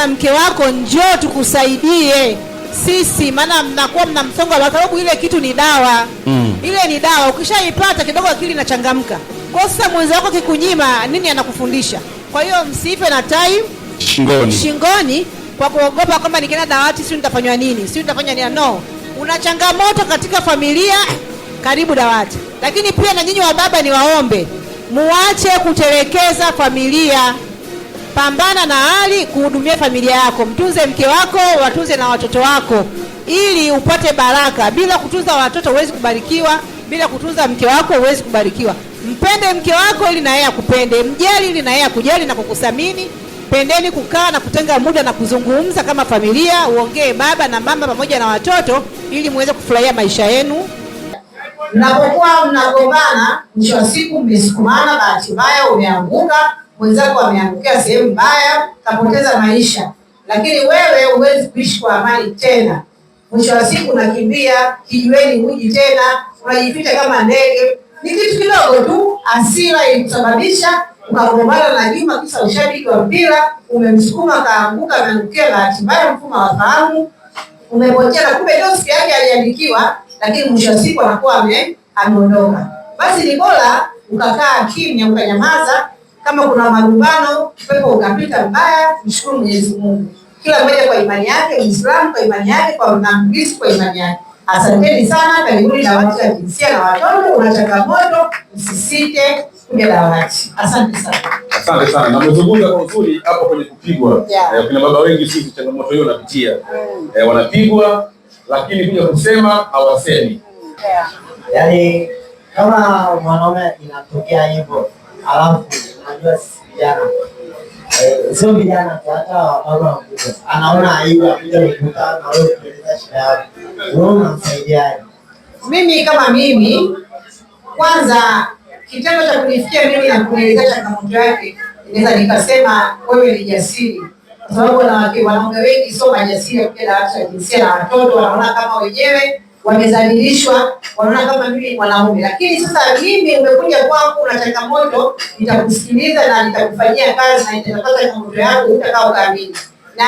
na mke wako, njoo tukusaidie sisi, maana mnakuwa mna msongo sababu ile kitu ni dawa mm. Ile ni dawa, ukishaipata kidogo akili inachangamka. Kwa sasa mwenzi wako kikunyima nini, anakufundisha. Kwa hiyo msife na time shingoni, shingoni kwa kuogopa kwamba nikienda dawati si nitafanywa nini, si nitafanya nini. No, una changamoto katika familia, karibu dawati. Lakini pia na nyinyi wa baba ni waombe muache kutelekeza familia pambana na hali kuhudumia familia yako, mtunze mke wako, watunze na watoto wako ili upate baraka. Bila kutunza watoto huwezi kubarikiwa, bila kutunza mke wako huwezi kubarikiwa. Mpende mke wako ili na yeye akupende, mjali ili na yeye akujali na kukusamini. Pendeni kukaa na kutenga muda na kuzungumza kama familia, uongee baba na mama pamoja na watoto ili muweze kufurahia maisha yenu. Mnapokuwa mnagombana, mwisho wa siku mmesukumana, bahati mbaya umeanguka mwenzako ameangukia sehemu mbaya, kapoteza maisha, lakini wewe huwezi kuishi kwa amani tena. Mwisho wa siku unakimbia kijiweni, huji tena, unajipita kama ndege. Ni kitu kidogo tu, hasira ilikusababisha ukagombana na Juma kisa ushabiki wa mpira, umemsukuma kaanguka, ameangukia bahati mbaya, mfuma wa fahamu, umepotea na kumbe ndio siku yake aliandikiwa, lakini mwisho wa siku anakuwa ameondoka. Basi ni bora ukakaa kimya, ukanyamaza kama kuna malumbano, pepo unapita mbaya, mshukuru Mwenyezi Mungu. Kila mmoja kwa imani yake, Muislamu kwa imani yake, kwa Mkristo kwa imani yake. Asanteni sana, karibuni dawati ya jinsia na watoto. Una changamoto, usisite kuja dawati. Asante sana, asante sana. Na mmezungumza kwa uzuri hapo kwenye kupigwa. Eh, kuna baba wengi sisi changamoto hiyo wanapitia, mm. eh, wanapigwa lakini kuja kusema hawasemi. Yaani kama mwanaume inatokea hivyo alafu anajua vijana eh, sio vijana hata anaona aibu na wewe kueleza shida yako, wewe unamsaidiaje? Mimi kama mimi, kwanza kitendo cha kunifikia mimi na kunieleza changamoto yake, naweza nikasema wewe ni jasiri, kwa sababu wanawake wanaume wengi sio majasiri ya kuja watu wa jinsia na watoto wanaona kama wenyewe wamezalilishwa, wanaona kama mimi mwanaume. Lakini sasa mimi umekuja kwangu na changamoto, nitakusikiliza na nitakufanyia kazi na nitapata changamoto yangu utakaokaamini, na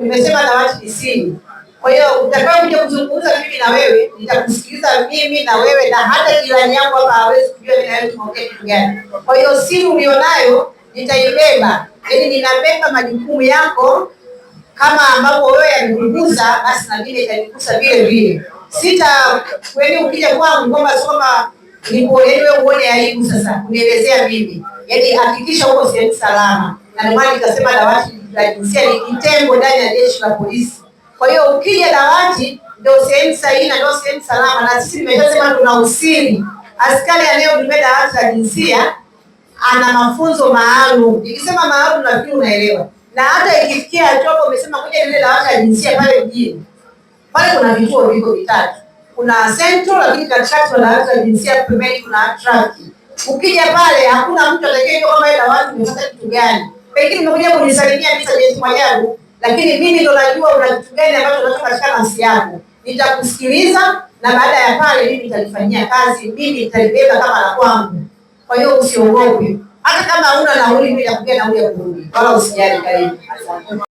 umesema dawati ni simu Kwa hiyo utakaokuja kuzungumza mimi na wewe, nitakusikiliza mimi na wewe, na hata jirani yangu hapa hawezi kujua mimi na wewe tumeongea kitu gani. Kwa hiyo siri ulionayo nitaibeba, yaani ninabeba majukumu yako kama ambapo wewe yamekugusa, basi na mimi itanigusa vile vile sita wewe ukija kwangu kwamba soma niko yaani wewe uone aibu sasa unielezea mimi. Yaani hakikisha uko sehemu salama. Na ndio maana nikasema dawati la jinsia ni kitengo ndani ya jeshi la polisi. Kwa hiyo ukija dawati ndio sehemu sahihi na ndio sehemu salama na sisi tumesema tuna usiri. Askari anayehudumia dawati la jinsia ana mafunzo maalum. Nikisema maalum nafikiri unaelewa. Na hata ikifikia hapo umesema kuja ile dawati la jinsia pale mjini. Pale kuna vituo viko vitatu, kuna central, lakini katikati wanaweka jinsia, pembeni kuna track. Ukija pale hakuna mtu atakayejua kama ile watu wamepata kitu gani. Pengine nimekuja kunisalimia Mr. James Mwajabu, lakini mimi ndo najua una kitu gani ambacho unataka katika nafsi yako. Nitakusikiliza na baada ya pale mimi nitalifanyia kazi, mimi nitalibeba kama la kwangu. Kwa hiyo usiogope. Hata kama una nauli, mimi nakuja nauli ya kurudi. Wala usijali karibu.